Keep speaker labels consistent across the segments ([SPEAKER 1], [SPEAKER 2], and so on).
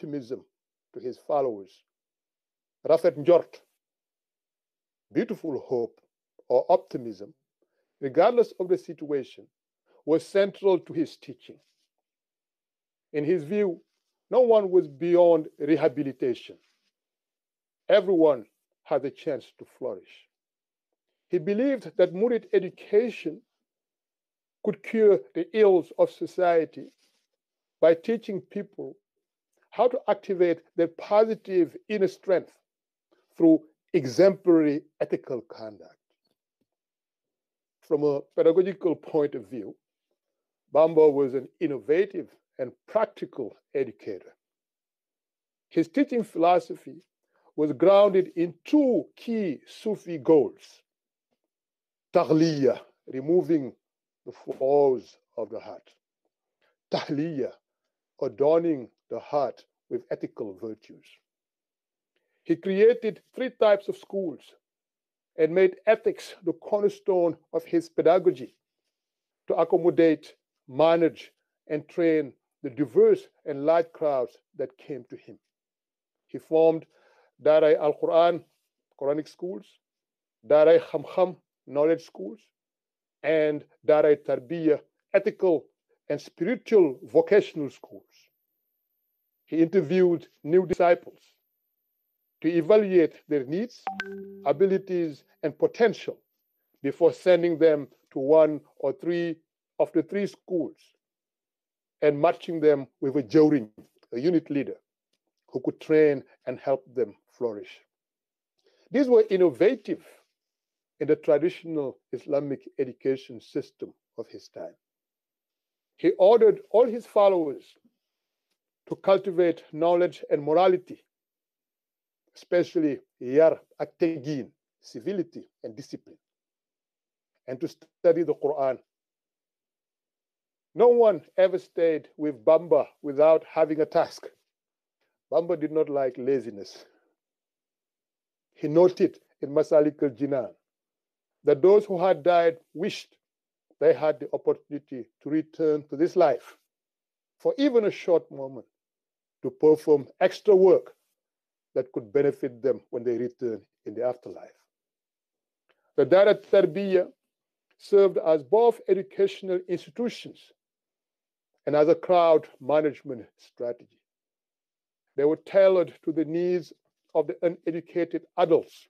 [SPEAKER 1] optimism to his followers. Rafet Njort, beautiful hope or optimism, regardless of the situation, was central to his teaching. In his view, no one was beyond rehabilitation. Everyone had a chance to flourish. He believed that Murid education could cure the ills of society by teaching people how to activate their positive inner strength through exemplary ethical conduct. From a pedagogical point of view, Bambo was an innovative and practical educator. His teaching philosophy was grounded in two key Sufi goals Tahliya, removing the flaws of the heart, Tahliya, adorning the heart with ethical virtues. He created three types of schools and made ethics the cornerstone of his pedagogy to accommodate, manage, and train the diverse and large crowds that came to him. He formed Darai al Quran, Quranic schools, Darai Khamkham, knowledge schools, and Darai Tarbiyah, ethical and spiritual vocational schools. He interviewed new disciples to evaluate their needs, abilities, and potential before sending them to one or three of the three schools and matching them with a Jorin, a unit leader, who could train and help them flourish. These were innovative in the traditional Islamic education system of his time. He ordered all his followers to cultivate knowledge and morality, especially yar aktegin, civility and discipline, and to study the Quran. No one ever stayed with Bamba without having a task. Bamba did not like laziness. He noted in Masalik al Jinan that those who had died wished they had the opportunity to return to this life for even a short moment to perform extra work that could benefit them when they return in the afterlife. The Dara Tarbiyah served as both educational institutions and as a crowd management strategy. They were tailored to the needs of the uneducated adults.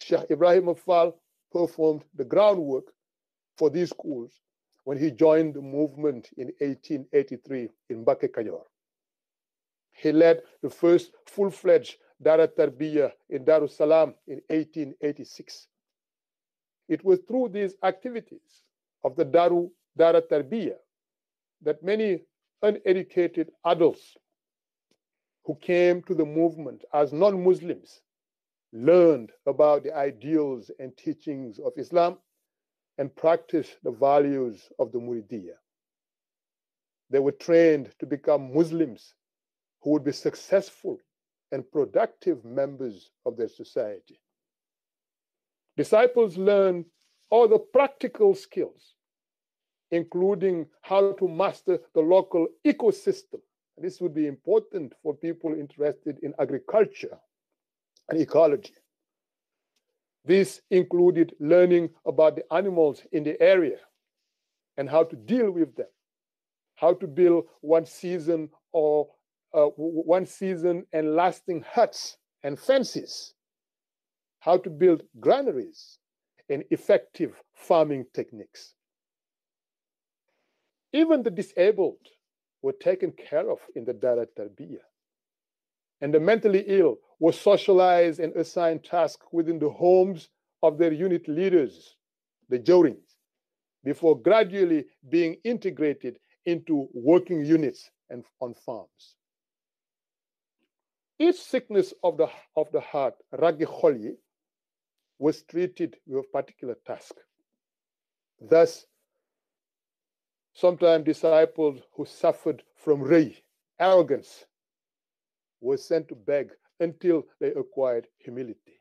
[SPEAKER 1] Shah Ibrahim Afal performed the groundwork for these schools when he joined the movement in 1883 in Bakke Kayor. He led the first full fledged Dara Tarbiyah in Darussalam in 1886. It was through these activities of the Daru Dara Tarbiyah that many uneducated adults who came to the movement as non Muslims learned about the ideals and teachings of Islam and practiced the values of the Muridiyah. They were trained to become Muslims who would be successful and productive members of their society. Disciples learn all the practical skills, including how to master the local ecosystem. This would be important for people interested in agriculture and ecology. This included learning about the animals in the area and how to deal with them, how to build one season or uh, one season and lasting huts and fences, how to build granaries and effective farming techniques. Even the disabled were taken care of in the Dara Tarbiyah. And the mentally ill were socialized and assigned tasks within the homes of their unit leaders, the Jorins, before gradually being integrated into working units and on farms. Each sickness of the, of the heart, ragicholi, was treated with a particular task. Thus, sometimes disciples who suffered from rei, arrogance, were sent to beg until they acquired humility.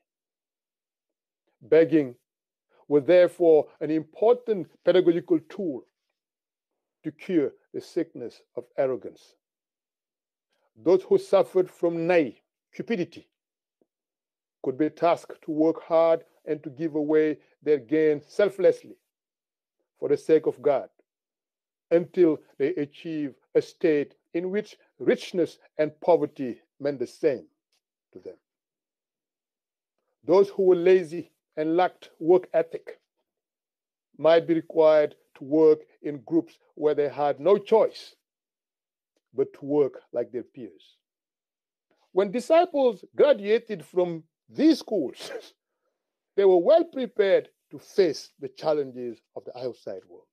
[SPEAKER 1] Begging was therefore an important pedagogical tool to cure the sickness of arrogance. Those who suffered from naivety, cupidity, could be tasked to work hard and to give away their gain selflessly for the sake of God until they achieve a state in which richness and poverty meant the same to them. Those who were lazy and lacked work ethic might be required to work in groups where they had no choice but to work like their peers. When disciples graduated from these schools, they were well prepared to face the challenges of the outside world.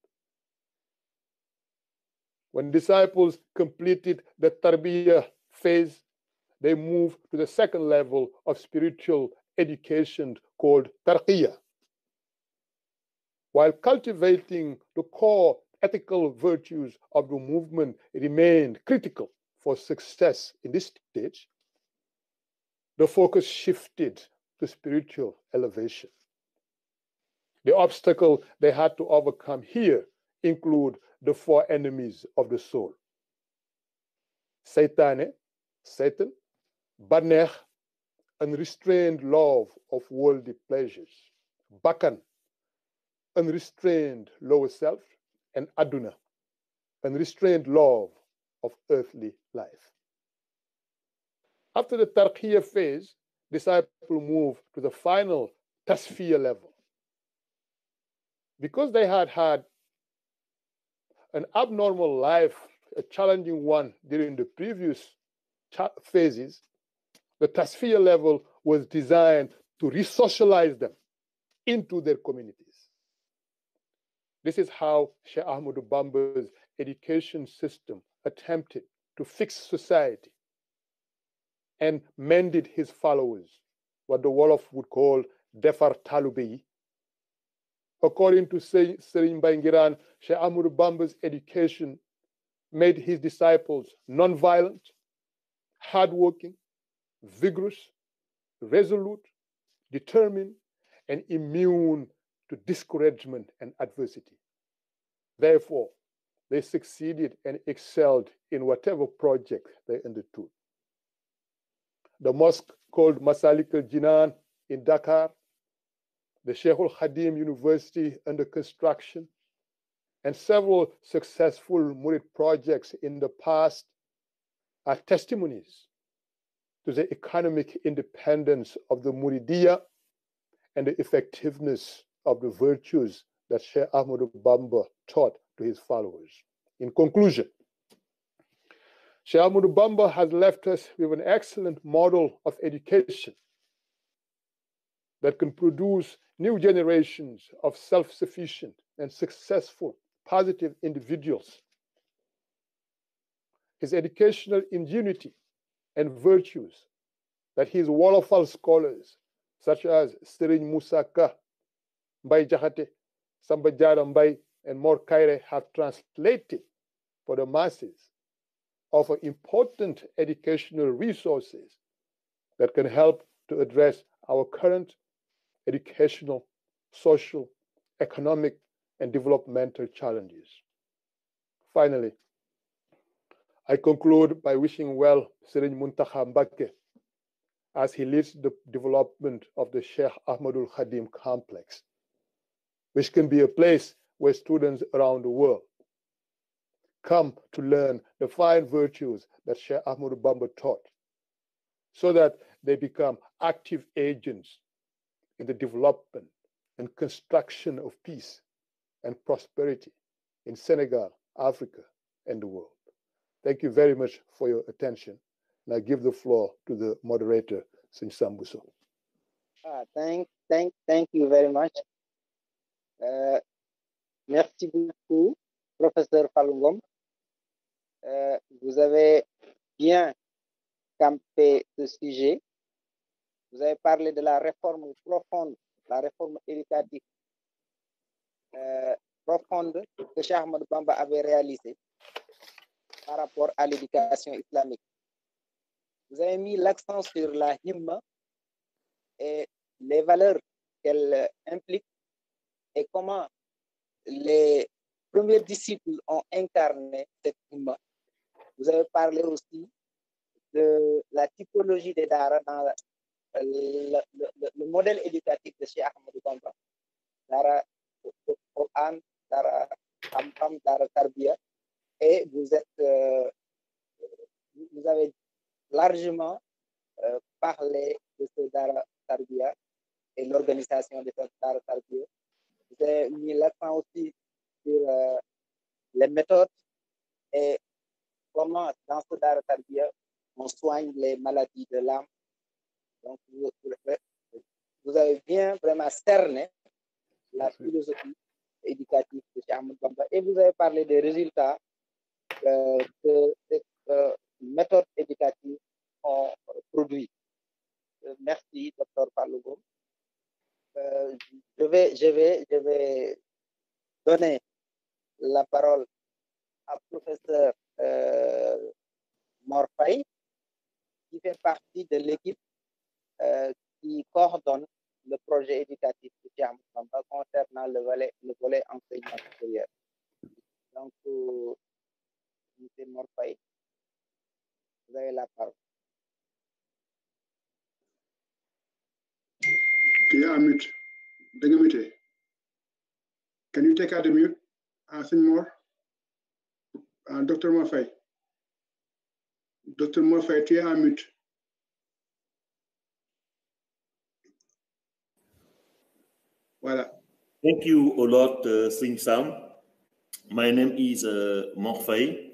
[SPEAKER 1] When disciples completed the tarbiyah phase, they moved to the second level of spiritual education called tarqiyah. While cultivating the core ethical virtues of the movement remained critical for success in this stage, the focus shifted to spiritual elevation. The obstacle they had to overcome here include the four enemies of the soul. satan, Satan, Banech, unrestrained love of worldly pleasures, Bakan, unrestrained lower self, and aduna, and restrained love of earthly life. After the tarqiyah phase, disciples move to the final tasfiyah level. Because they had had an abnormal life, a challenging one during the previous phases, the tasfiyah level was designed to resocialize them into their communities. This is how Sheikh Ahmadu Bamba's education system attempted to fix society and mended his followers, what the Wolof would call Defar Talubi. According to Serin Bangiran, Sheikh Ahmadu Bamba's education made his disciples non-violent, hardworking, vigorous, resolute, determined, and immune to discouragement and adversity. Therefore, they succeeded and excelled in whatever project they undertook. The mosque called Masalik al Jinan in Dakar, the Sheikh al University under construction, and several successful Murid projects in the past are testimonies to the economic independence of the Muridiyah and the effectiveness of the virtues that Sheikh Ahmadu Bamba taught to his followers. In conclusion, Sheikh Ahmadu Bamba has left us with an excellent model of education that can produce new generations of self sufficient and successful, positive individuals. His educational ingenuity and virtues that his Wolofal scholars, such as Sirin Musaka, Mbai Jahate, Jarambai and Morkaire have translated for the masses offer important educational resources that can help to address our current educational, social, economic, and developmental challenges. Finally, I conclude by wishing well Sirin Muntaha Mbake as he leads the development of the Sheikh Ahmadul Khadim complex which can be a place where students around the world come to learn the fine virtues that Sheikh Ahmed Bamba taught so that they become active agents in the development and construction of peace and prosperity in Senegal, Africa, and the world. Thank you very much for your attention. And I give the floor to the moderator, Sinsambuso.
[SPEAKER 2] Ah, thank, thank, thank you very much. Euh, merci beaucoup, professeur Falungom. Euh, vous avez bien campé ce sujet. Vous avez parlé de la réforme profonde, la réforme éducative euh, profonde que Cheikh Bamba avait réalisée par rapport à l'éducation islamique. Vous avez mis l'accent sur la himma et les valeurs qu'elle implique comment les premiers disciples ont incarné cette humain. Vous avez parlé aussi de la typologie des Dara dans le, modèle éducatif de Cheikh Ahmadou Bamba. Dara Quran, Dara Amram, Dara Tarbiya. Et vous euh, avez largement la philosophie éducative de Cheikh Ahmed Et vous avez parlé des résultats
[SPEAKER 3] sing some. My name is uh, Morfei.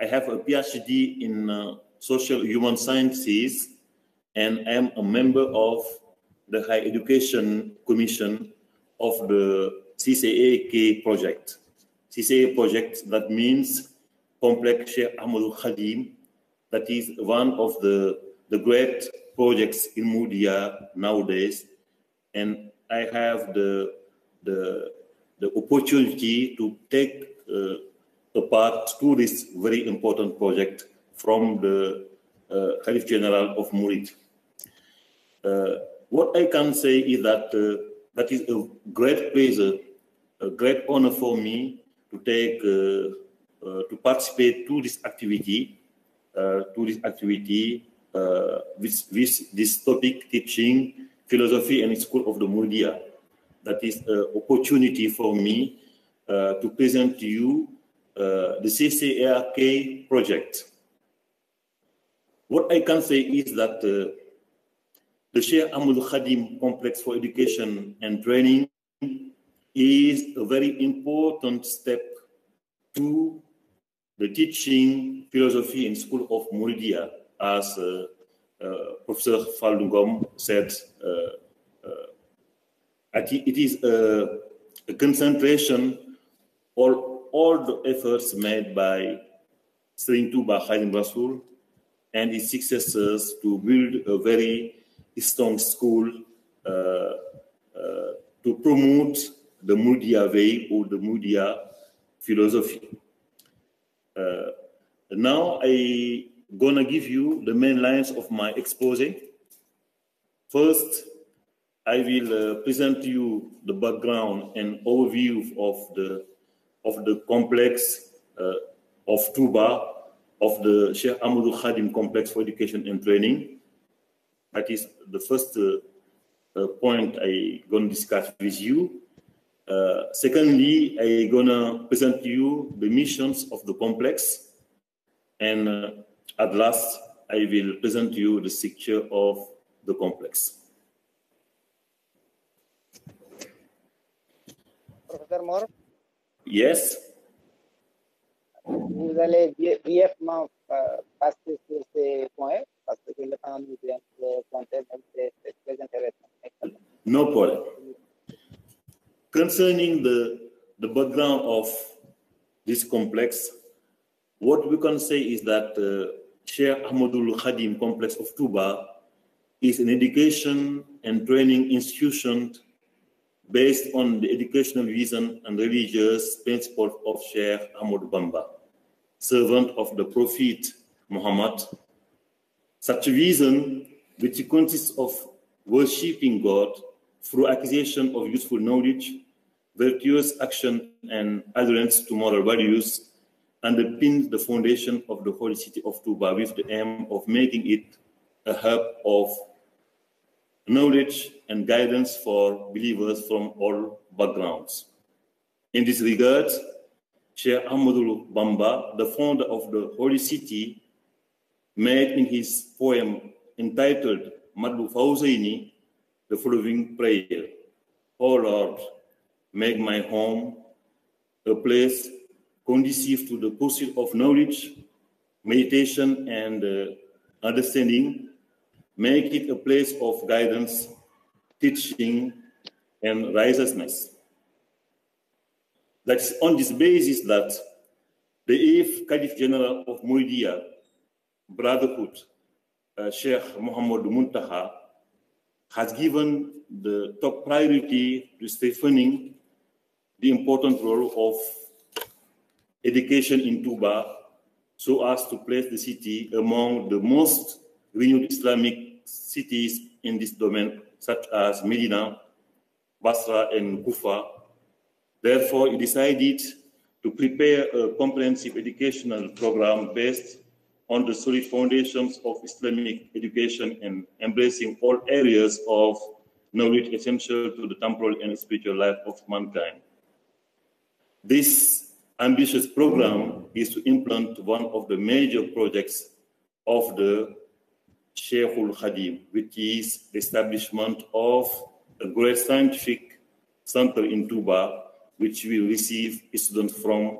[SPEAKER 3] I have a PhD in uh, social human sciences, and I am a member of the High Education Commission of the CCAK project. CCA project, that means Complex Sheikh Khadim, that is one of the, the great projects in media nowadays. And I have the, the the opportunity to take uh, apart to this very important project from the uh, Khalif General of Murid. Uh, what I can say is that uh, that is a great pleasure, a great honor for me to take uh, uh, to participate to this activity, uh, to this activity with, with this topic teaching philosophy and school of the Muridia that is an uh, opportunity for me uh, to present to you uh, the CCARK project. What I can say is that uh, the Sheikh Amul Khadim Complex for Education and Training is a very important step to the teaching philosophy in School of Muridia, as uh, uh, Professor Faldungom said it is a, a concentration of all the efforts made by Srin Tuba Halim Rasul and his successors to build a very strong school uh, uh, to promote the Mudia way or the Mudia philosophy. Uh, now I gonna give you the main lines of my expose. First, I will uh, present to you the background and overview of the of the complex uh, of Tuba of the Sheikh Amadou Khadim Complex for Education and Training. That is the first uh, uh point I gonna discuss with you. Uh, secondly, I gonna present to you the missions of the complex, and uh, at last I will present to you the structure of the complex. Yes. No problem. Concerning the the background of this complex, what we can say is that uh, Sheikh Ahmadul Khadim Complex of Tuba is an education and training institution based on the educational reason and religious principle of Sheikh Ahmad Bamba, servant of the Prophet Muhammad. Such reason, which consists of worshipping God through acquisition of useful knowledge, virtuous action, and adherence to moral values, underpins the foundation of the holy city of Tuba with the aim of making it a hub of knowledge and guidance for believers from all backgrounds. In this regard, Sheikh Ahmadul Bamba, the founder of the Holy City, made in his poem entitled Madlu Fawzaini the following prayer. O Lord, make my home a place conducive to the pursuit of knowledge, meditation, and uh, understanding make it a place of guidance, teaching, and righteousness. That's on this basis that the If Caliph General of Muidia Brotherhood, uh, Sheikh Muhammad Muntaha, has given the top priority to strengthening the important role of education in Tuba so as to place the city among the most renewed Islamic cities in this domain, such as Medina, Basra, and Kufa. Therefore, he decided to prepare a comprehensive educational program based on the solid foundations of Islamic education and embracing all areas of knowledge essential to the temporal and spiritual life of mankind. This ambitious program is to implement one of the major projects of the Sheikhul Khadim, which is the establishment of a great scientific center in Tuba, which will receive students from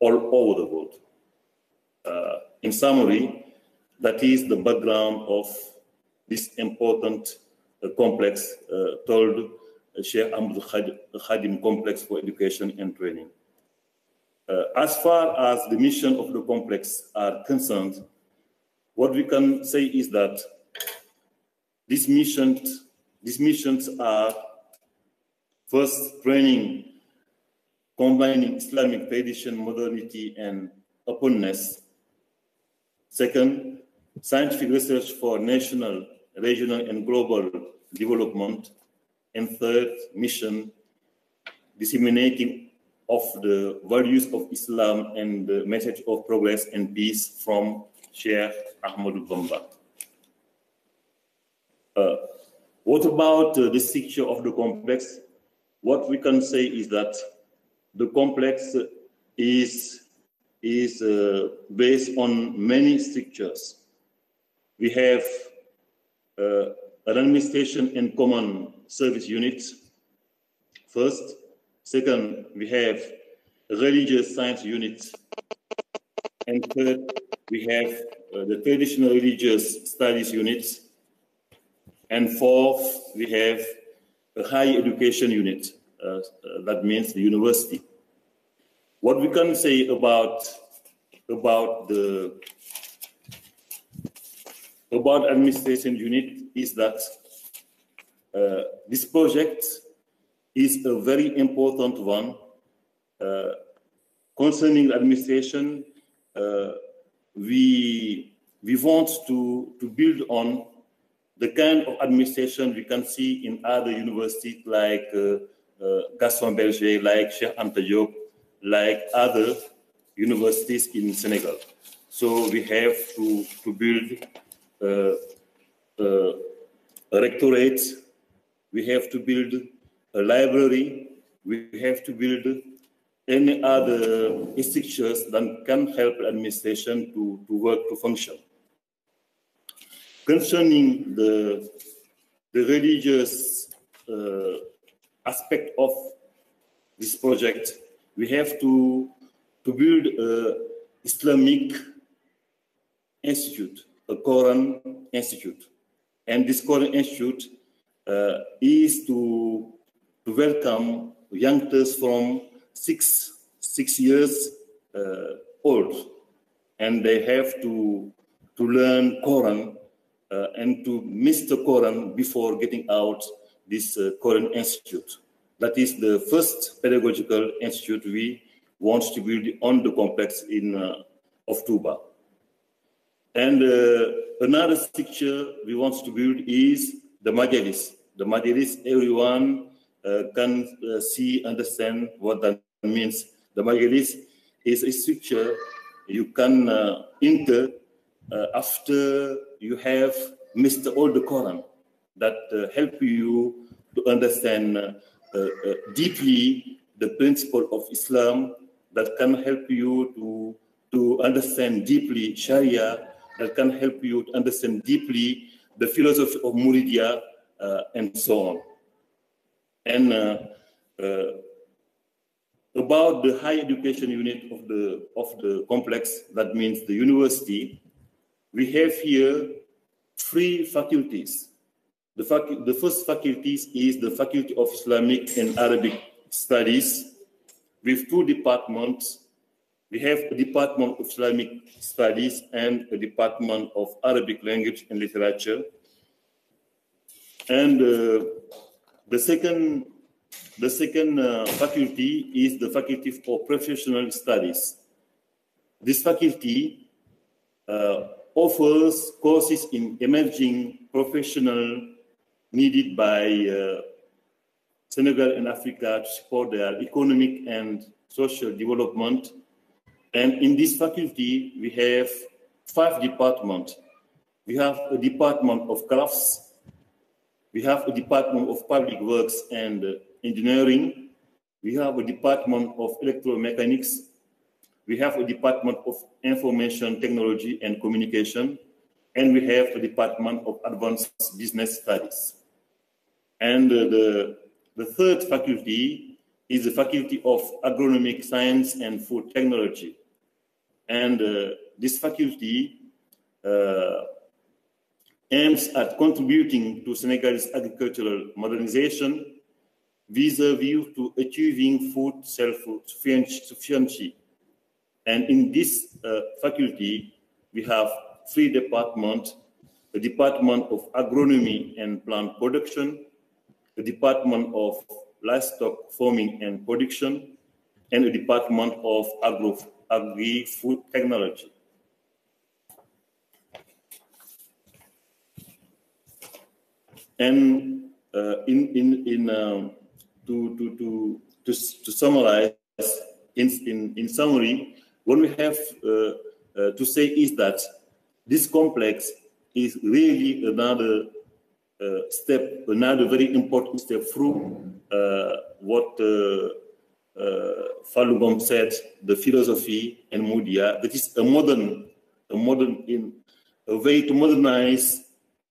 [SPEAKER 3] all over the world. Uh, in summary, that is the background of this important uh, complex uh, called uh, Sheikh Ahmed Khadim Complex for Education and Training. Uh, as far as the mission of the complex are concerned, what we can say is that these missions, these missions are first training, combining Islamic tradition, modernity, and openness. Second, scientific research for national, regional, and global development. And third, mission disseminating of the values of Islam and the message of progress and peace from Chair Ahmad Bamba. Uh, what about uh, the structure of the complex? What we can say is that the complex is, is uh, based on many structures. We have uh, an administration and common service units. first. Second, we have religious science units, And third, we have uh, the traditional religious studies units, and fourth, we have a high education unit. Uh, uh, that means the university. What we can say about about the about administration unit is that uh, this project is a very important one uh, concerning administration we, we want to, to build on the kind of administration we can see in other universities like uh, uh, Gaston Berger, like Cheikh Anta Diop, like other universities in Senegal. So we have to, to build uh, uh, a rectorate, we have to build a library, we have to build any other institutions that can help administration to, to work to function. Concerning the, the religious uh, aspect of this project, we have to, to build an Islamic institute, a Quran institute. And this Quran institute uh, is to, to welcome youngsters from six, six years uh, old. And they have to, to learn Quran uh, and to master Quran before getting out this uh, Quran Institute. That is the first pedagogical institute we want to build on the complex in uh, of Tuba. And uh, another structure we want to build is the Majalis. The Majalis, everyone uh, can uh, see, understand what that means. The majlis is a structure you can enter uh, after you have missed all the Quran that help you to understand deeply the principle of Islam that can help you to, to understand deeply Sharia, that can help you to understand deeply the philosophy of Muridia, uh, and so on and uh, uh, about the higher education unit of the, of the complex, that means the university, we have here three faculties. The, fac the first faculty is the Faculty of Islamic and Arabic Studies with two departments. We have a Department of Islamic Studies and a Department of Arabic Language and Literature. And uh, the second, the second uh, faculty is the Faculty for Professional Studies. This faculty uh, offers courses in emerging professional needed by uh, Senegal and Africa to support their economic and social development. And in this faculty, we have five departments. We have a department of crafts, we have a Department of Public Works and uh, Engineering. We have a Department of Electromechanics. We have a Department of Information Technology and Communication. And we have a Department of Advanced Business Studies. And uh, the, the third faculty is the Faculty of Agronomic Science and Food Technology. And uh, this faculty uh, aims at contributing to Senegal's agricultural modernization with a view to achieving food self-sufficiency. And in this uh, faculty, we have three departments, the Department of Agronomy and Plant Production, the Department of Livestock Farming and Production, and the Department of agri food Technology. And uh, in in in um, to, to to to to summarize in in in summary, what we have uh, uh to say is that this complex is really another uh, step, another very important step through uh, what. Falun Gong said, the philosophy and Mudia, that is a modern, a modern in a way to modernize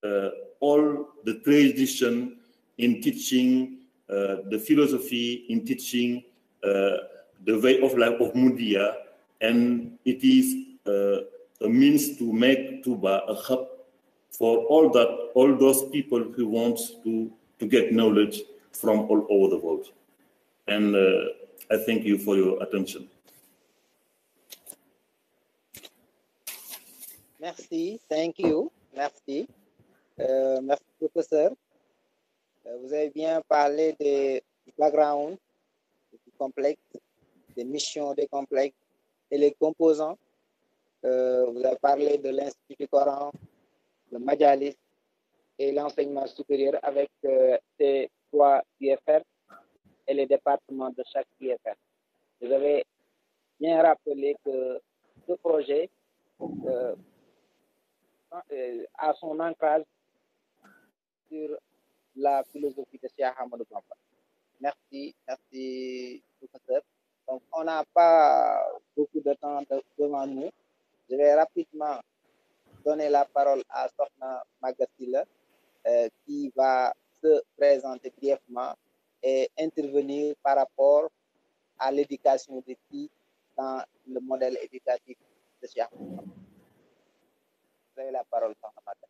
[SPEAKER 3] uh, all the tradition in teaching uh, the philosophy, in teaching uh, the way of life of Mudia, and it is uh, a means to make Tuba a hub for all that, all those people who want to, to get knowledge from all over the world. And uh, I thank you for your attention.
[SPEAKER 2] Merci, thank you, merci. Euh, merci, professeur. Euh, vous avez bien parlé des background, du complexe, des missions des complexes et les composants. Euh, vous avez parlé de l'Institut du Coran, le Majalis et l'enseignement supérieur avec ces trois IFR et les départements de chaque IFR. Vous avez bien rappelé que ce projet a son ancrage sur la philosophie de Cheikh Hamadou Bamba. Merci, merci, professeur. Donc, on n'a pas beaucoup de temps devant nous. Je vais rapidement donner la parole à Sofna Magatila, euh, qui va se présenter brièvement et intervenir par rapport à l'éducation des filles dans le modèle éducatif de Cheikh Hamadou la parole, Sofna Magatila.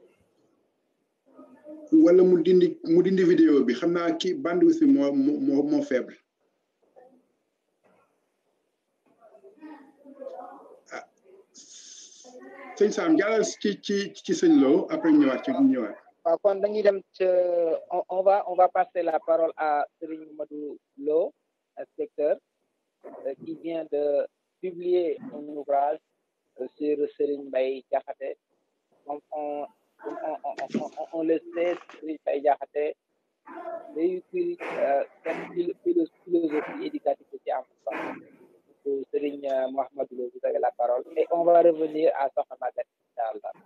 [SPEAKER 4] wala mu dindi mu dindi vidéo bi xam ki bande aussi moo moo moo faible ah sëñ Sam jàllal ci ci ci sëñ Lo après ñëwaat ci ñëwaat.
[SPEAKER 2] waaw kon dañuy dem ci on va on va passer la parole à Serigne Madou Lo inspecteur euh, qui vient de publier un ouvrage euh, sur Serigne Mbaye Diakhaté on, le sait, Sri Yahate véhicule cette philosophie éducative qui est importante. Serigne euh, Mohamed, vous avez la parole. Et on va revenir à Sohna Magat,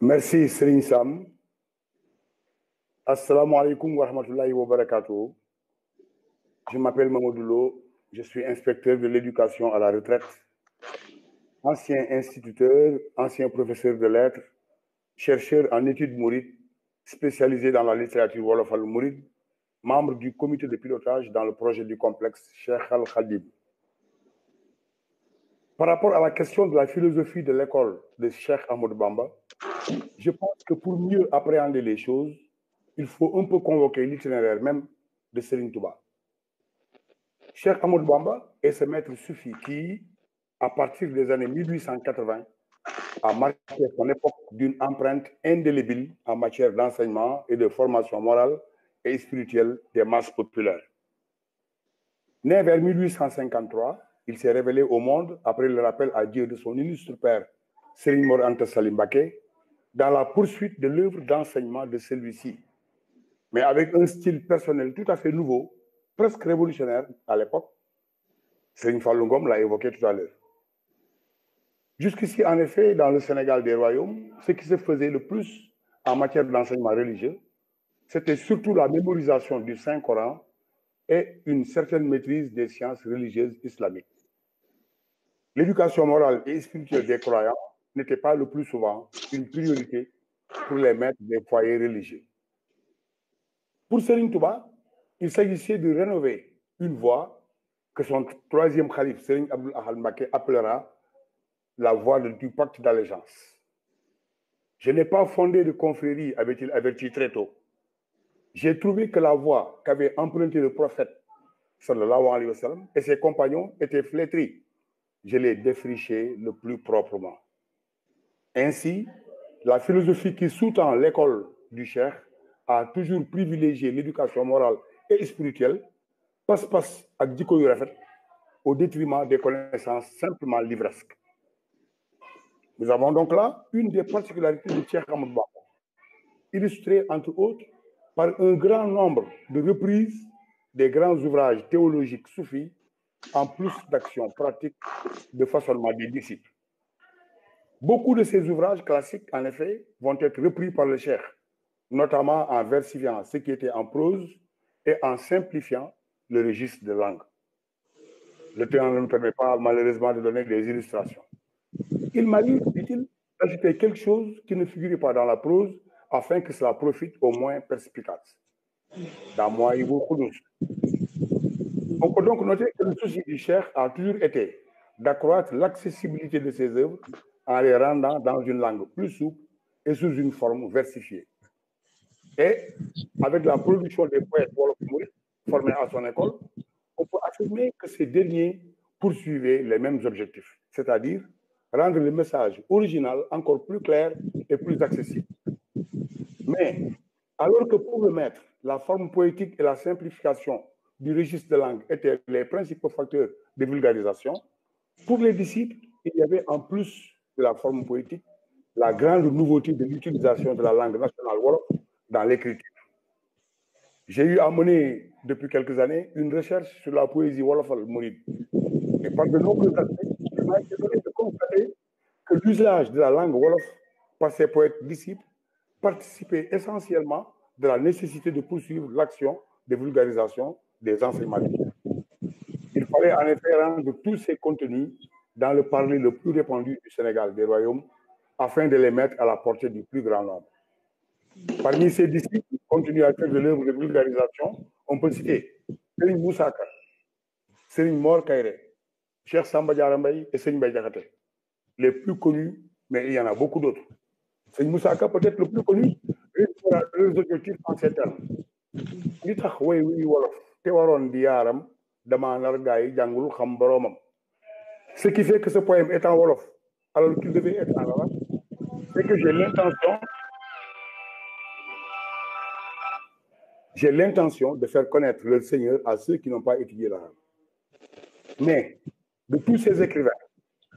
[SPEAKER 5] Merci Serigne Sam. Assalamu alaikum wa rahmatullahi wa barakatuh. Je m'appelle Mamadoulo, je suis inspecteur de l'éducation à la retraite ancien instituteur, ancien professeur de lettres, chercheur en études mourides, spécialisé dans la littérature wolofal mouride, membre du comité de pilotage dans le projet du complexe Cheikh Al Khalib. Par rapport à la question de la philosophie de l'école de Cheikh Ahmed Bamba, je pense que pour mieux appréhender les choses, il faut un peu convoquer l'itinéraire même de Serine Touba. Cheikh Ahmed Bamba est ce maître Sufi. qui, à partir des années 1880, a marqué son époque d'une empreinte indélébile en matière d'enseignement et de formation morale et spirituelle des masses populaires. Né vers 1853, il s'est révélé au monde après le rappel à Dieu de son illustre père, Serigne Salim dans la poursuite de l'œuvre d'enseignement de celui-ci, mais avec un style personnel tout à fait nouveau, presque révolutionnaire à l'époque. sérim Falungom l'a évoqué tout à l'heure. Jusqu'ici, en effet, dans le Sénégal des royaumes, ce qui se faisait le plus en matière d'enseignement religieux, c'était surtout la mémorisation du Saint-Coran et une certaine maîtrise des sciences religieuses islamiques. L'éducation morale et spirituelle des croyants n'était pas le plus souvent une priorité pour les maîtres des foyers religieux. Pour Serine Touba, il s'agissait de rénover une voie que son troisième calife, Serine Abdul Ahal appellera la voie du pacte d'allégeance. Je n'ai pas fondé de confrérie, avait-il averti très tôt. J'ai trouvé que la voie qu'avait empruntée le prophète sallallahu alayhi wa sallam, et ses compagnons étaient flétris. Je l'ai défriché le plus proprement. Ainsi, la philosophie qui sous-tend l'école du Cher a toujours privilégié l'éducation morale et spirituelle, passe-passe à jikko au détriment des connaissances simplement livresques. Nous avons donc là une des particularités du Cheikh Ahmed illustrée entre autres par un grand nombre de reprises des grands ouvrages théologiques soufis, en plus d'actions pratiques de façonnement des disciples. Beaucoup de ces ouvrages classiques, en effet, vont être repris par le Cheikh, notamment en versifiant ce qui était en prose et en simplifiant le registre de langue. Le temps ne nous permet pas, malheureusement, de donner des illustrations. Il m'a dit-il, d'ajouter quelque chose qui ne figurait pas dans la prose afin que cela profite au moins perspicace. Dans moi, il vous On peut donc noter que le souci du cher a toujours été d'accroître l'accessibilité de ses œuvres en les rendant dans une langue plus souple et sous une forme versifiée. Et avec la production des poètes formés à son école, on peut affirmer que ces derniers poursuivaient les mêmes objectifs, c'est-à-dire rendre le message original encore plus clair et plus accessible. Mais alors que pour le maître, la forme poétique et la simplification du registre de langue étaient les principaux facteurs de vulgarisation, pour les disciples, il y avait en plus de la forme poétique la grande nouveauté de l'utilisation de la langue nationale Wolof dans l'écriture. J'ai eu à mener depuis quelques années une recherche sur la poésie Wolofal Mouride. Et par de nombreux aspects, constaté que l'usage de la langue Wolof par ses poètes disciples participait essentiellement de la nécessité de poursuivre l'action de vulgarisation des enseignements. Il fallait en effet rendre tous ces contenus dans le parler le plus répandu du Sénégal des royaumes afin de les mettre à la portée du plus grand nombre. Parmi ces disciples qui continuent à faire de l'œuvre de vulgarisation, on peut citer Serigne Moussaka, Serigne Mor Cheikh Samba et Seigne Mbaye les plus connus, mais il y en a beaucoup d'autres. Seigne Moussaka peut-être le plus connu, il fera deux objectifs en ces termes. wi wolof te ce qui fait que ce poème est en wolof alors qu'il devait être en arabe c'est que j'ai l'intention j'ai l'intention de faire connaître le Seigneur à ceux qui n'ont pas étudié l'arabe mais de tous ces écrivains,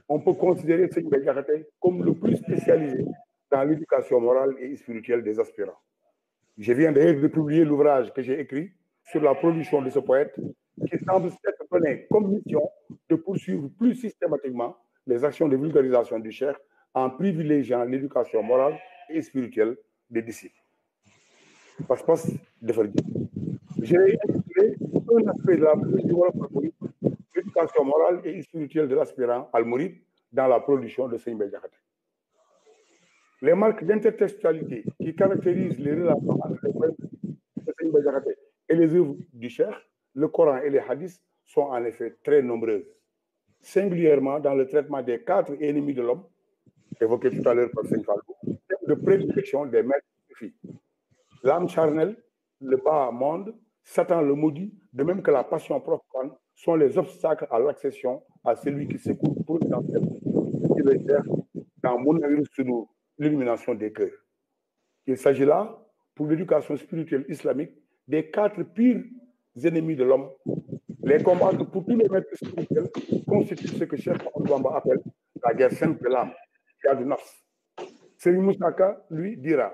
[SPEAKER 5] on peut considérer Seigneur Diakhaté comme le plus spécialisé dans l'éducation morale et spirituelle des aspirants. Je viens d'ailleurs de publier l'ouvrage que j'ai écrit sur la production de ce poète qui semble s'être donné comme mission de poursuivre plus systématiquement les actions de vulgarisation du cher en privilégiant l'éducation morale et spirituelle des disciples. Passe-passe de J'ai intitulé un aspect de la politique l'éducation morale et spirituelle de l'aspirant almoride dans la production de Seigneur Diakhaté. Les marques d'intertextualité qui caractérisent les relations entre les de Seigneur et les œuvres du Cher, le Coran et les hadiths, sont en effet très nombreuses, singulièrement dans le traitement des quatre ennemis de l'homme, évoqué tout à l'heure par Seigneur Falco, de prédilection des maîtres filles. L'âme charnelle, le bas monde, Satan le maudit, de même que la passion profonde sont les obstacles à l'accession à celui qui s'écoute pour cette qui le dans mon sur l'illumination des cœurs. Il s'agit là, pour l'éducation spirituelle islamique, des quatre pires ennemis de l'homme. Les combats pour tous les maîtres spirituels constituent ce que Cheikh Ouambamba appelle la guerre sainte de l'âme, la guerre du nafs. Seri Moussaka, lui, dira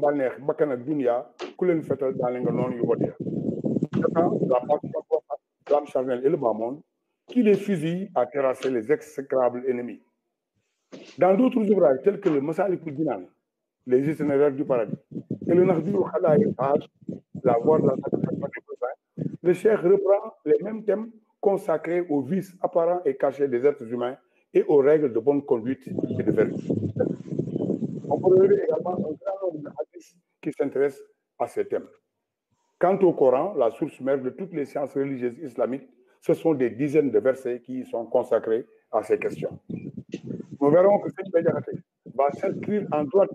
[SPEAKER 5] Baner, Bakana Dunya, Kulen Fetal, C'est La l'âme Chavanel et le bas qui les fusillent à terrasser les exécrables ennemis. Dans d'autres ouvrages, tels que le al-Khudinane, Dinan, les itinéraires du paradis, et le Nardur Khala'il la voie de la satisfaction du le chef reprend les mêmes thèmes consacrés aux vices apparents et cachés des êtres humains et aux règles de bonne conduite et de vertu.
[SPEAKER 4] On peut également un grand nombre de
[SPEAKER 5] qui s'intéressent à ces thèmes. Quant au Coran, la source mère de toutes les sciences religieuses islamiques, ce sont des dizaines de versets qui sont consacrés à ces questions. Nous verrons que cette médiathèque va s'inscrire en droit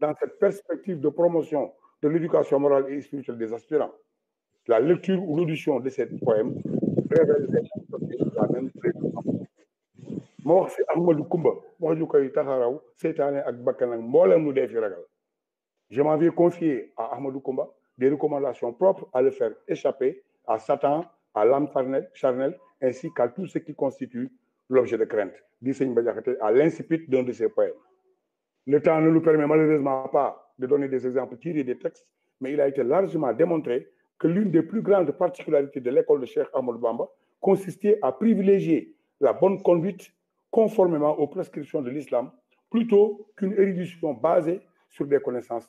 [SPEAKER 5] dans cette perspective de promotion de l'éducation morale et spirituelle des aspirants. La lecture ou l'audition de ces poèmes révèle la même confier Koumba à Ahmadou Koumba des recommandations propres à le faire échapper à Satan, à l'âme charnelle, ainsi qu'à tout ce qui constitue l'objet de crainte, dit Seigneur à l'incipit d'un de ses poèmes. Le temps ne nous permet malheureusement pas de donner des exemples tirés des textes, mais il a été largement démontré que l'une des plus grandes particularités de l'école de Cheikh Amadou Bamba consistait à privilégier la bonne conduite conformément aux prescriptions de l'islam plutôt qu'une érudition basée sur des connaissances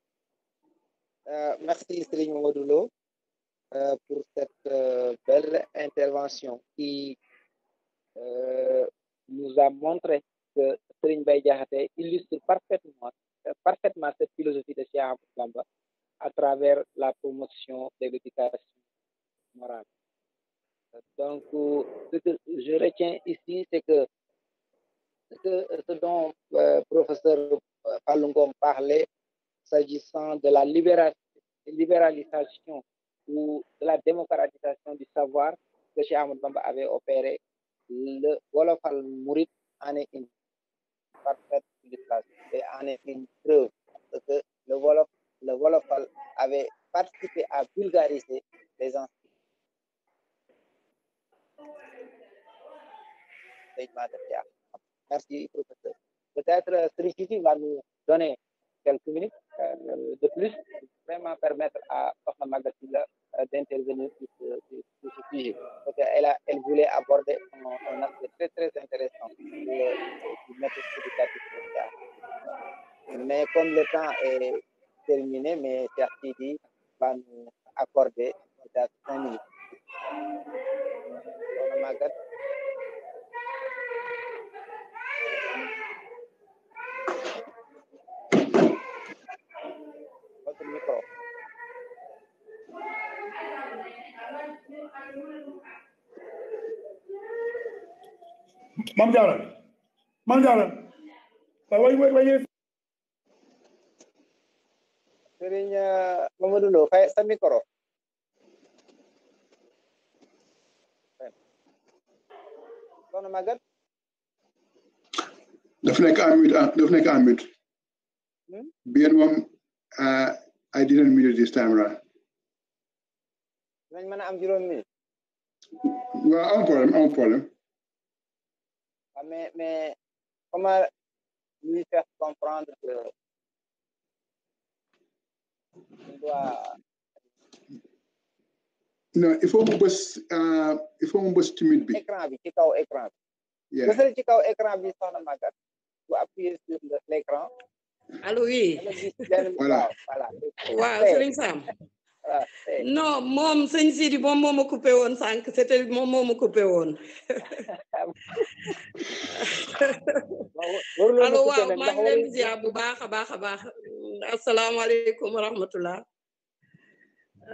[SPEAKER 2] Euh, merci Serigne Modulo euh, pour cette euh, belle intervention qui nous a montré que Serigne Baye illustre parfaitement, parfaitement cette philosophie de Cheikh Lamba à travers la promotion de l'éducation morale. Donc, ce que je retiens ici, c'est que ce, dont le professeur Palungom parlait, s'agissant de la libération libéralisation ou la démocratisation du savoir que Cheikh Ahmed Bamba avait opéré, le Wolofal mourit en est une parfaite illustration et en est une preuve que le Wolof, avait participé à vulgariser les anciens. Merci, professeur. Peut-être Sri euh, va nous donner quelques minutes. Euh, de plus, vraiment permettre à Thomas Magatila euh, d'intervenir sur ce, sujet. Parce qu'elle elle voulait aborder un, aspect très, très intéressant euh, du méthode éducatif social. Mais comme le temps est terminé, mais c'est va nous accorder peut-être 5 minutes. micro. Mame Diarra Mame Diarra waaw way way way Sëriñ Mamadou Lo fay sa micro soxna Maguette
[SPEAKER 4] daf nekk en mute daf nekk I didn't mean it this time around.
[SPEAKER 2] nañ mën a am juróom Well,
[SPEAKER 4] waaw am problème am
[SPEAKER 2] problème. waaw mais mais comment lui faire comprendre
[SPEAKER 4] que on doit. non il faut mu bës il faut mu bës timide bi. écran bi ci kaw écran bi. bësal ci kaw écran bi soxna Maguette bu appuyer sur
[SPEAKER 6] Allô oui
[SPEAKER 2] voilà voilà waaw une ah, Sam
[SPEAKER 6] non mom, c'est Sidi moom moo ma coupé on sànq c'était mon moo ma coupé allô allo waaw maa ngi leen ziar bu baax a baax wa rahmatullah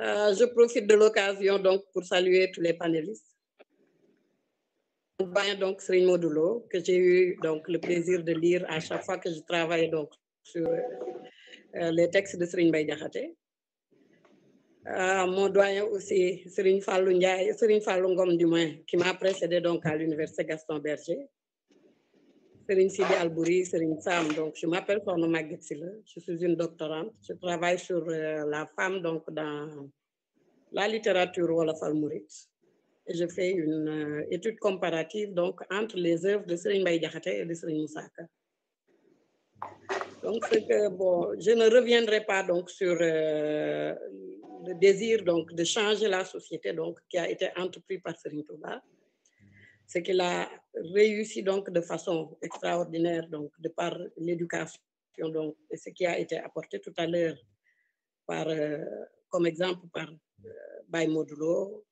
[SPEAKER 6] euh, je profite de l'occasion donc pour saluer tous les panélistes donc Serigne Modulo que j'ai eu donc le plaisir de lire à chaque fois que je travaille donc sur euh, les textes de Serigne Mbaye Diakhaté euh, mon doyen aussi Serigne Fallou Ndiaye Serigne Ngom du moins qui m'a précédé donc à l'université Gaston Berger Serigne Sidi Albouri Serigne Sam donc je m'appelle Sokhna Getsile. je suis une doctorante je travaille sur euh, la femme donc dans la littérature wolof al mouride et je fais une étude comparative donc entre les œuvres de Serigne Mbaye Diakhaté et de Serigne Moussaka. Donc, bon, je ne reviendrai pas donc sur euh, le désir donc de changer la société donc qui a été entrepris par Serine Touba. C'est qu'il a réussi donc de façon extraordinaire donc de par l'éducation donc et ce qui a été apporté tout à l'heure par euh, comme exemple par euh, Baye Modulo,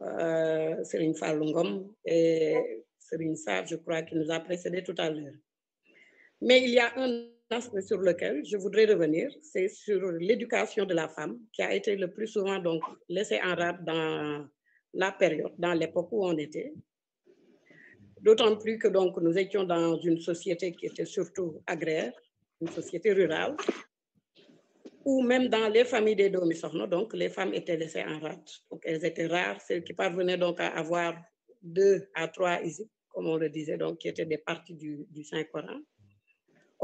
[SPEAKER 6] euh, Serine Falungom et Serine Sav, je crois, qui nous a précédés tout à l'heure. Mais il y a un sur lequel je voudrais revenir, c'est sur l'éducation de la femme qui a été le plus souvent donc laissée en rade dans la période, dans l'époque où on était. D'autant plus que donc nous étions dans une société qui était surtout agraire, une société rurale, ou même dans les familles des domiciles. donc les femmes étaient laissées en rade. Donc elles étaient rares, celles qui parvenaient donc à avoir deux à trois ici, comme on le disait, donc qui étaient des parties du, du Saint-Coran.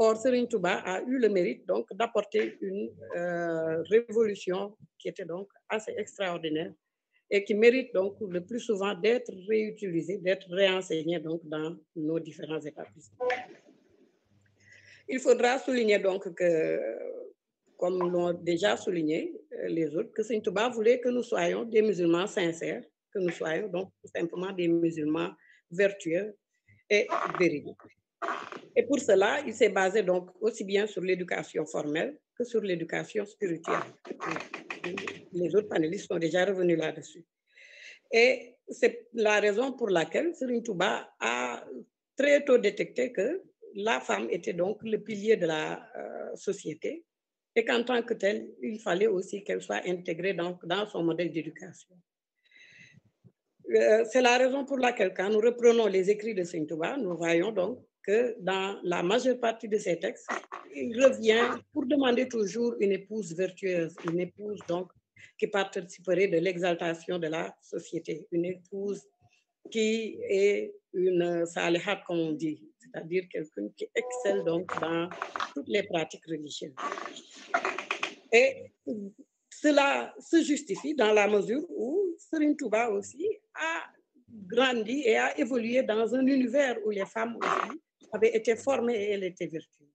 [SPEAKER 6] Or, Serine Touba a eu le mérite donc d'apporter une euh, révolution qui était donc assez extraordinaire et qui mérite donc le plus souvent d'être réutilisée, d'être réenseignée donc dans nos différents établissements. Il faudra souligner donc que, comme l'ont déjà souligné euh, les autres, que Serine Touba voulait que nous soyons des musulmans sincères, que nous soyons donc tout simplement des musulmans vertueux et véridiques. Et pour cela, il s'est basé donc aussi bien sur l'éducation formelle que sur l'éducation spirituelle. Les autres panélistes sont déjà revenus là-dessus. Et c'est la raison pour laquelle Serine Touba a très tôt détecté que la femme était donc le pilier de la euh, société et qu'en tant que telle, il fallait aussi qu'elle soit intégrée dans, dans son modèle d'éducation. Euh, c'est la raison pour laquelle, quand nous reprenons les écrits de Saint-Touba, nous voyons donc que dans la majeure partie de ces textes, il revient pour demander toujours une épouse vertueuse, une épouse donc qui participerait de l'exaltation de la société, une épouse qui est une salihat, comme on dit, c'est-à-dire quelqu'un qui excelle donc dans toutes les pratiques religieuses. Et cela se justifie dans la mesure où Serine Touba aussi a grandi et a évolué dans un univers où les femmes aussi avait été formée et elle était vertueuse.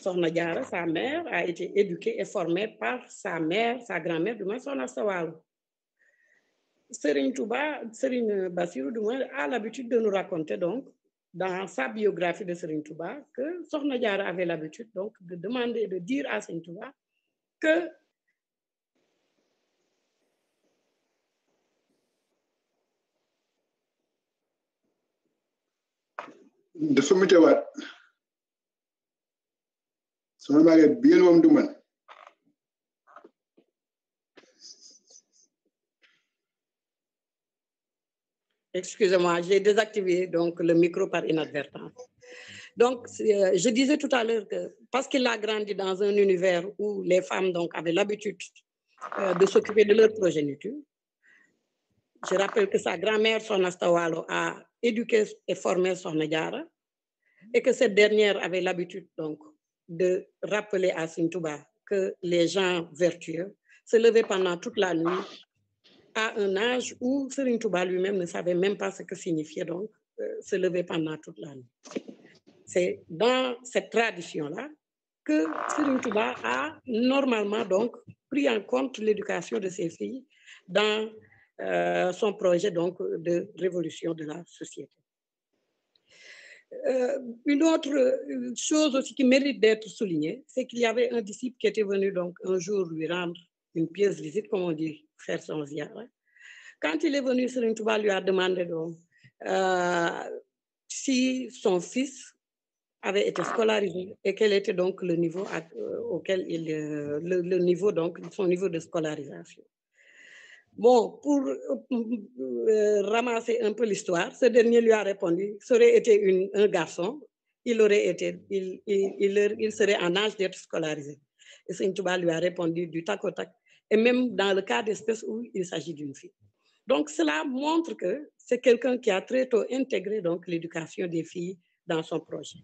[SPEAKER 6] Sorna Diara, sa mère, a été éduquée et formée par sa mère, sa grand-mère, du moins son Sawal. Serine Touba, Serine Bassirou, du moins, a l'habitude de nous raconter donc, dans sa biographie de Serine Touba, que Sorna Diara avait l'habitude donc de demander, de dire à Serine Touba que bien Excusez-moi, j'ai désactivé donc le micro par inadvertance. Donc, euh, je disais tout à l'heure que parce qu'il a grandi dans un univers où les femmes donc avaient l'habitude euh, de s'occuper de leur progéniture, je rappelle que sa grand-mère, son Astawalo, a éduqué et formé son Diara et que cette dernière avait l'habitude donc de rappeler à Sintouba que les gens vertueux se levaient pendant toute la nuit à un âge où Sintouba lui-même ne savait même pas ce que signifiait donc euh, se lever pendant toute la nuit. C'est dans cette tradition-là que Sintouba a normalement donc pris en compte l'éducation de ses filles dans euh, son projet donc, de révolution de la société. Euh, une autre euh, chose aussi qui mérite d'être soulignée, c'est qu'il y avait un disciple qui était venu donc un jour lui rendre une pièce visite, comme on dit, faire son ziar. Hein. Quand il est venu, une lui a demandé donc, si son fils avait été scolarisé et quel était donc le niveau auquel il, le, niveau donc son niveau de scolarisation. Bon, pour euh, ramasser un peu l'histoire, ce dernier lui a répondu, ça aurait été un garçon, il aurait été, il, il, serait en âge d'être scolarisé. Et Sintouba lui a répondu du tac au tac, et même dans le cas d'espèce où il s'agit d'une fille. Donc cela montre que c'est quelqu'un qui a très tôt intégré donc l'éducation des filles dans son projet.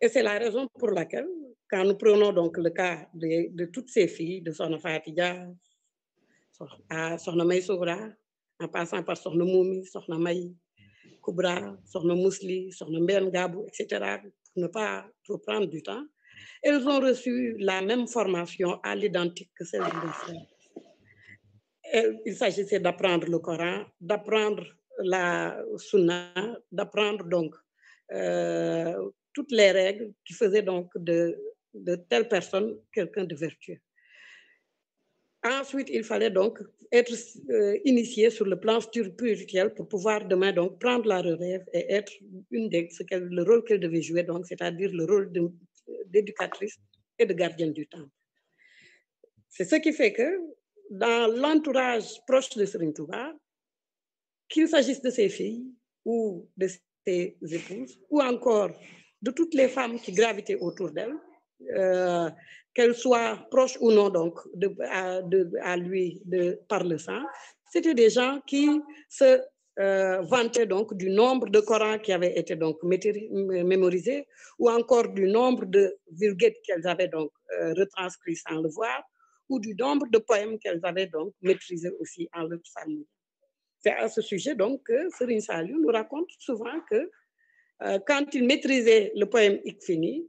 [SPEAKER 6] Et c'est la raison pour laquelle, quand nous prenons donc le cas de, de toutes ces filles, de son Fatiga, à May en passant par soxna Moumi May Koubra soxna Mousli Gabou etc pour ne pas trop prendre du temps elles ont reçu la même formation à l'identique que celle de frères. Il s'agissait d'apprendre le Coran, d'apprendre la Sunna, d'apprendre donc euh, toutes les règles qui faisaient donc de, de telle personne quelqu'un de vertueux. Ensuite, il fallait donc être euh, initié sur le plan spirituel pour pouvoir demain donc prendre la relève et être une le rôle qu'elle devait jouer, donc c'est-à-dire le rôle d'éducatrice et de gardienne du temple. C'est ce qui fait que dans l'entourage proche de Serine Touba, qu'il s'agisse de ses filles ou de ses épouses, ou encore de toutes les femmes qui gravitaient autour d'elle, qu'elles euh, qu'elle soit proche ou non donc de, à, lui de, par le sang, c'était des gens qui se euh, vantaient donc du nombre de Corans qui avaient été donc mémorisés ou encore du nombre de virguettes qu'elles avaient donc euh, sans le voir ou du nombre de poèmes qu'elles avaient donc maîtrisés aussi en leur famille. C'est à ce sujet donc que Serine Salou nous raconte souvent que quand il maîtrisait le poème Ikfini,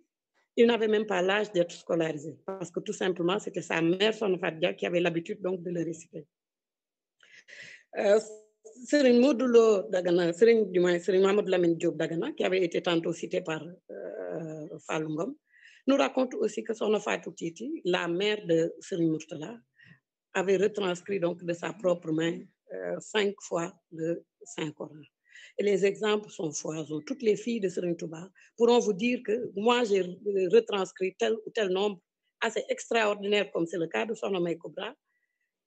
[SPEAKER 6] il n'avait même pas l'âge d'être scolarisé parce que tout simplement, c'était sa mère, son qui avait l'habitude donc de le réciter. Euh, Serine Modulo Dagana, Serine, du Lamine Diop Dagana, qui avait été tantôt cité par euh, Falungom, nous raconte aussi que son Fatou Titi, la mère de Serine Murtala, avait retranscrit donc de sa propre main euh, cinq fois le Saint-Coran. Et les exemples sont foisons. Toutes les filles de Serenitouba Touba pourront vous dire que moi, j'ai retranscrit tel ou tel nombre assez ah, extraordinaire, comme c'est le cas de Sonomé Cobra,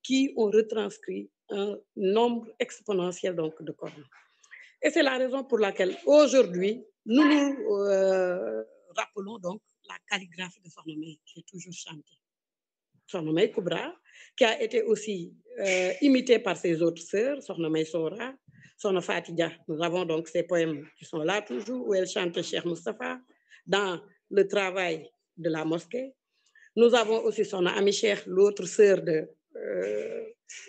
[SPEAKER 6] qui ont retranscrit un nombre exponentiel donc, de cornes. Et c'est la raison pour laquelle aujourd'hui, nous nous euh, rappelons donc la calligraphe de Sonomé qui est toujours chantée nom Koubra, qui a été aussi euh, imitée par ses autres sœurs, Sora, Fatidia. Nous avons donc ces poèmes qui sont là toujours, où elle chante Cheikh Mustafa dans le travail de la mosquée. Nous avons aussi son Ami Cheikh, l'autre sœur de euh,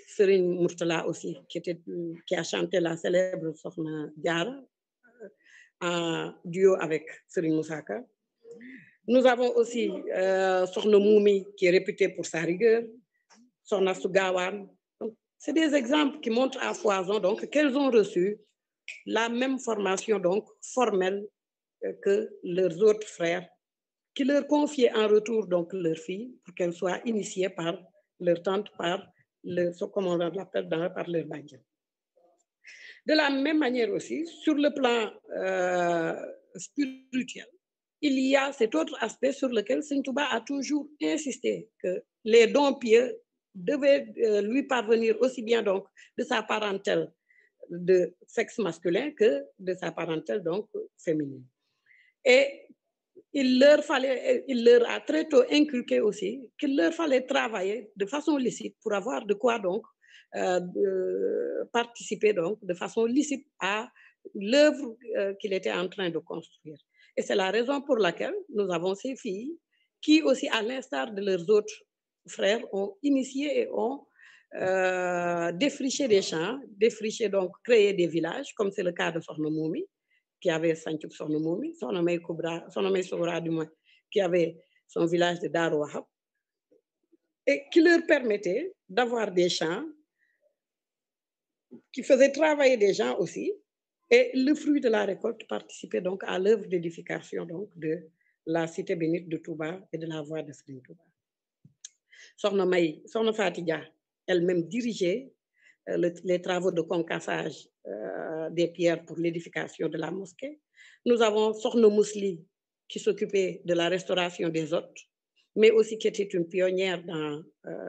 [SPEAKER 6] Serine Murtala aussi, qui, était, qui a chanté la célèbre Sokhna Diara euh, en duo avec Serine Moussaka. Nous avons aussi euh, qui est réputé pour sa rigueur, Sorna Sugawan. C'est des exemples qui montrent à foison donc qu'elles ont reçu la même formation donc formelle euh, que leurs autres frères, qui leur confiaient en retour donc leur fille pour qu'elle soit initiée par leur tante, par le, de la paix, par leur banquier. De la même manière aussi, sur le plan euh, spirituel, il y a cet autre aspect sur lequel Sintouba a toujours insisté, que les dons pieux devaient euh, lui parvenir aussi bien donc de sa parentèle de sexe masculin que de sa parentèle donc féminine. Et il leur, fallait, euh, il leur a très tôt inculqué aussi qu'il leur fallait travailler de façon licite pour avoir de quoi donc euh, participer donc de façon licite à l'œuvre qu'il était en train de construire. Et c'est la raison pour laquelle nous avons ces filles qui aussi, à l'instar de leurs autres frères, ont initié et ont euh, défriché des champs, défriché donc créé des villages, comme c'est le cas de Sornomoumi, qui avait sonomé Sornomoumi, du moins, qui avait son village de Darouahab, et qui leur permettait d'avoir des champs, qui faisaient travailler des gens aussi, et le fruit de la récolte participait donc à l'œuvre d'édification donc de la cité bénite de Touba et de la voie de Serigne Touba. Sorno Maï, Fatiga, elle-même dirigeait euh, les travaux de concassage euh, des pierres pour l'édification de la mosquée. Nous avons Sorno Mousli qui s'occupait de la restauration des hôtes, mais aussi qui était une pionnière dans euh,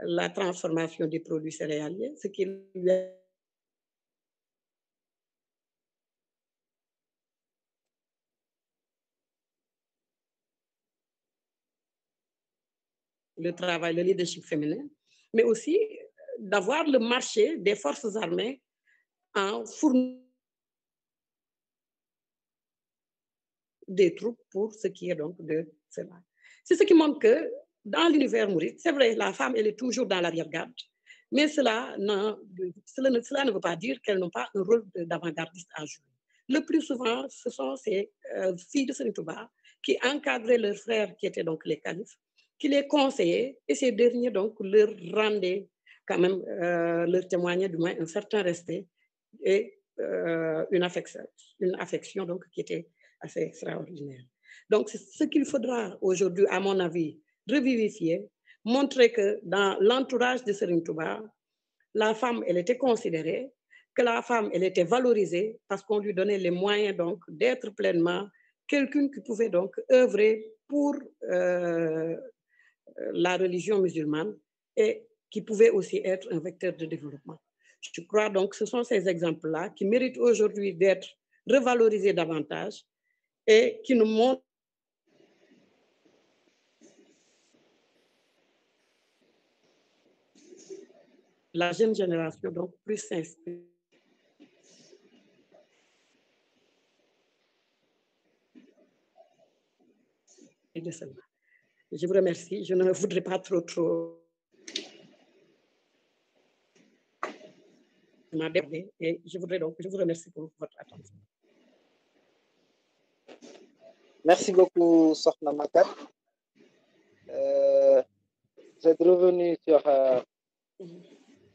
[SPEAKER 6] la transformation des produits céréaliers, ce qui lui le travail, le leadership féminin, mais aussi euh, d'avoir le marché des forces armées en fournissant des troupes pour ce qui est donc de cela. C'est ce qui montre que dans l'univers mouride, c'est vrai, la femme, elle est toujours dans l'arrière-garde, mais cela, ne, veut pas dire qu'elles n'ont pas un rôle d'avant-gardiste à jouer. Le plus souvent, ce sont ces euh, filles de Sénitouba qui encadraient leurs frères qui étaient donc les califes qui les conseillait, et ces derniers donc leur rendaient quand même, euh, leur témoignaient du moins un certain respect et euh, une, affection, une affection donc qui était assez extraordinaire. Donc c'est ce qu'il faudra aujourd'hui, à mon avis, revivifier, montrer que dans l'entourage de Serine Touba, la femme, elle était considérée, que la femme, elle était valorisée parce qu'on lui donnait les moyens donc d'être pleinement quelqu'une qui pouvait donc œuvrer pour euh, euh, la religion musulmane et qui pouvait aussi être un vecteur de développement. Je crois donc que ce sont ces exemples-là qui méritent aujourd'hui d'être revalorisés davantage et qui nous montrent la jeune génération donc plus et de cela. Je vous remercie. Je ne voudrais pas trop, trop et je voudrais donc, je vous remercie pour votre attention.
[SPEAKER 2] Merci beaucoup, Sohna Makat. Euh, vous êtes revenu sur euh,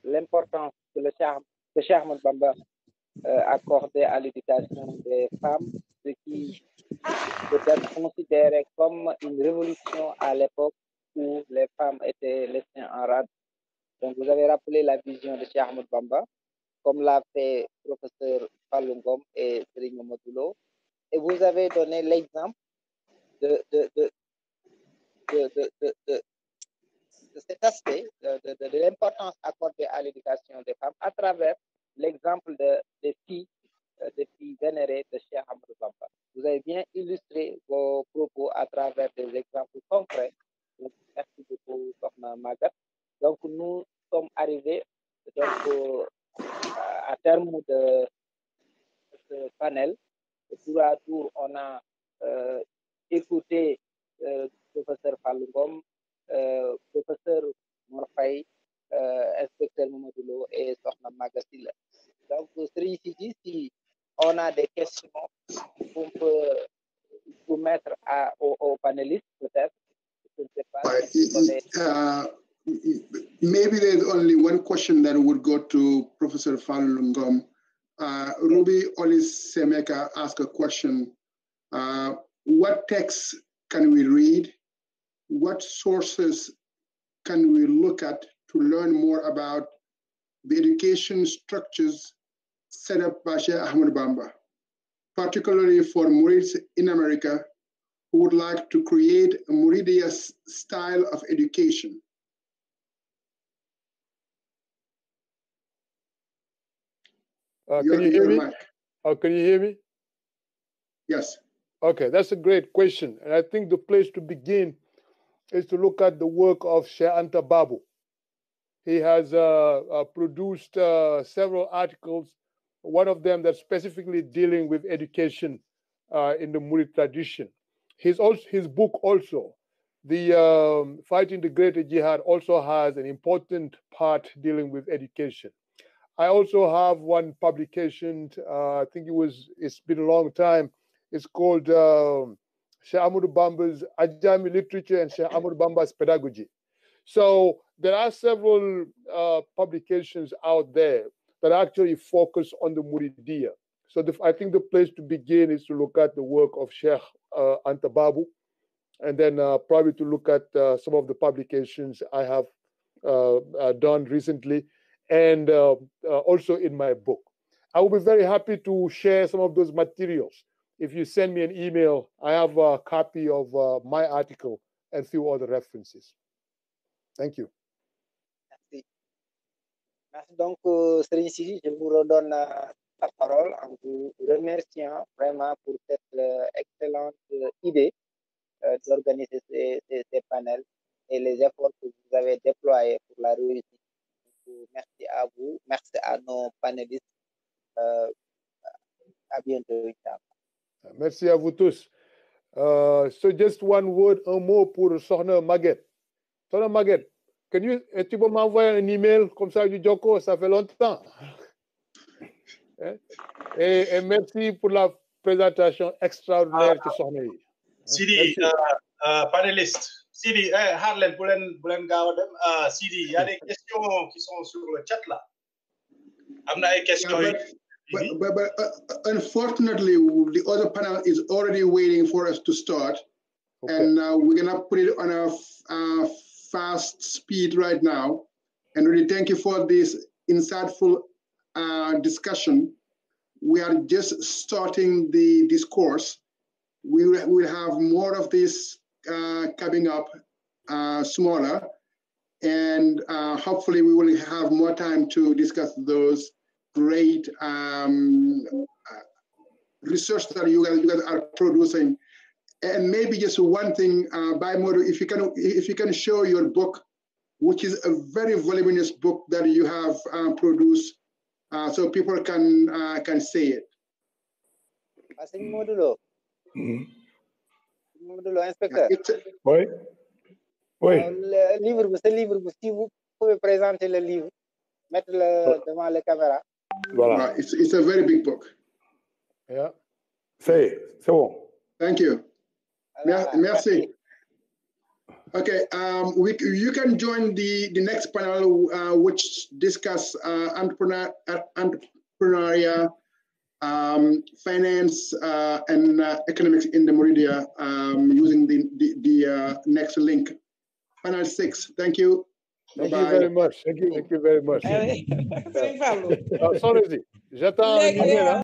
[SPEAKER 2] l'importance que le charme, de Charme Bamba euh, à l'éducation des femmes, ce qui peut être considérée comme une révolution à l'époque où les femmes étaient laissées en rade. Donc, vous avez rappelé la vision de Cheikh Ahmed Bamba, comme l'a fait professeur Falungom et Serigne Modulo. Et vous avez donné l'exemple de, de, de, de, cet aspect, de, l'importance accordée à l'éducation des femmes à travers l'exemple des filles, euh, des filles vénérées de Cheikh Bamba. Vous avez bien illustré vos propos à travers des exemples concrets. Donc, merci beaucoup, Magat. Donc, nous sommes arrivés donc, à terme de ce panel. Et tour à tour, on a euh, écouté le euh, professeur Falungom, euh, professeur Morfay, inspecteur Momodulo et Sohna Magasila. Donc, Sri Sidi, ici. on uh, a des questions qu'on peut soumettre à, aux, aux panélistes,
[SPEAKER 4] peut-être. Je ne sais pas. Uh, maybe there's only one question that would go to Professor Falungom. Uh, Ruby Olis Semeka asked a question. Uh, what texts can we read? What sources can we look at to learn more about the education structures set up by Sheikh Ahmed Bamba, particularly for Murids in America who would like to create a Muridia style of education.
[SPEAKER 1] Uh, can you hear me? Oh, can you hear me? Yes. Okay, that's a great question. And I think the place to begin is to look at the work of Sheikh Anta Babu. He has uh, uh, produced uh, several articles one of them that's specifically dealing with education uh, in the Muri tradition. His, also, his book also, The um, Fighting the Greater Jihad, also has an important part dealing with education. I also have one publication, uh, I think it was, it's been a long time. It's called um, Sheikh Bamba's Ajami Literature and Sheikh Ahmad Bamba's Pedagogy. So there are several uh, publications out there that actually focus on the muridiyah. So the, I think the place to begin is to look at the work of Sheikh uh, Antababu, and then uh, probably to look at uh, some of the publications I have uh, uh, done recently, and uh, also in my book. I will be very happy to share some of those materials. If you send me an email, I have a copy of my article and few other references. Thank you.
[SPEAKER 2] Merci donc, euh, Serine Sidi, je vous redonne euh, la parole en vous remerciant vraiment pour cette euh, excellente idée d'organiser ces, panels et les efforts que vous avez déployés pour la réussite. merci à vous, merci à nos panélistes. Euh, à bientôt.
[SPEAKER 1] Merci à vous tous. Euh, so just one word, un mot pour Sorna Maguette. Sorna Maguette, Can you, eh, tu peux m'envoyer un email comme ça du Joko, ça fait longtemps. Eh? et, et, merci pour la présentation extraordinaire ah, Sidi, uh,
[SPEAKER 4] uh, panéliste. Sidi, eh, Harlan, Boulen, Boulen uh, ah, Sidi, il y a des questions qui sont sur le chat la a Yeah, but, but, but, but uh, unfortunately, the other panel is already waiting for us to start. Okay. And uh, we're going to put it on a uh, fast speed right now. And really thank you for this insightful uh, discussion. We are just starting the discourse. We will have more of this uh, coming up, uh, smaller, and uh, hopefully we will have more time to discuss those great um, uh, research that you guys, you guys are producing and maybe just one thing, uh, by model, if you can, if you can show your book, which is a very voluminous book that you have uh, produced, uh, so people can uh, can see it. I think modulo. Mm -hmm. Modulo, inspecteur.
[SPEAKER 1] Oui. Oui. Uh,
[SPEAKER 2] le livre, ce livre, si vous pouvez présenter le livre, mettre le oh. devant la caméra.
[SPEAKER 1] Voilà. Uh, it's,
[SPEAKER 4] it's a very big book. Yeah. C'est, c'est bon. Thank you. Merci. Okay, um, we, you can join the, the next panel, uh, which discuss uh, entrepreneur, uh, entrepreneurial um, finance uh, and uh, economics in the Meridia um, using the, the, the uh, next link. Panel six, thank you. Thank Bye you very
[SPEAKER 6] much.
[SPEAKER 1] Thank
[SPEAKER 4] you, thank you very much. Allez, oh, Sans
[SPEAKER 1] J'attends.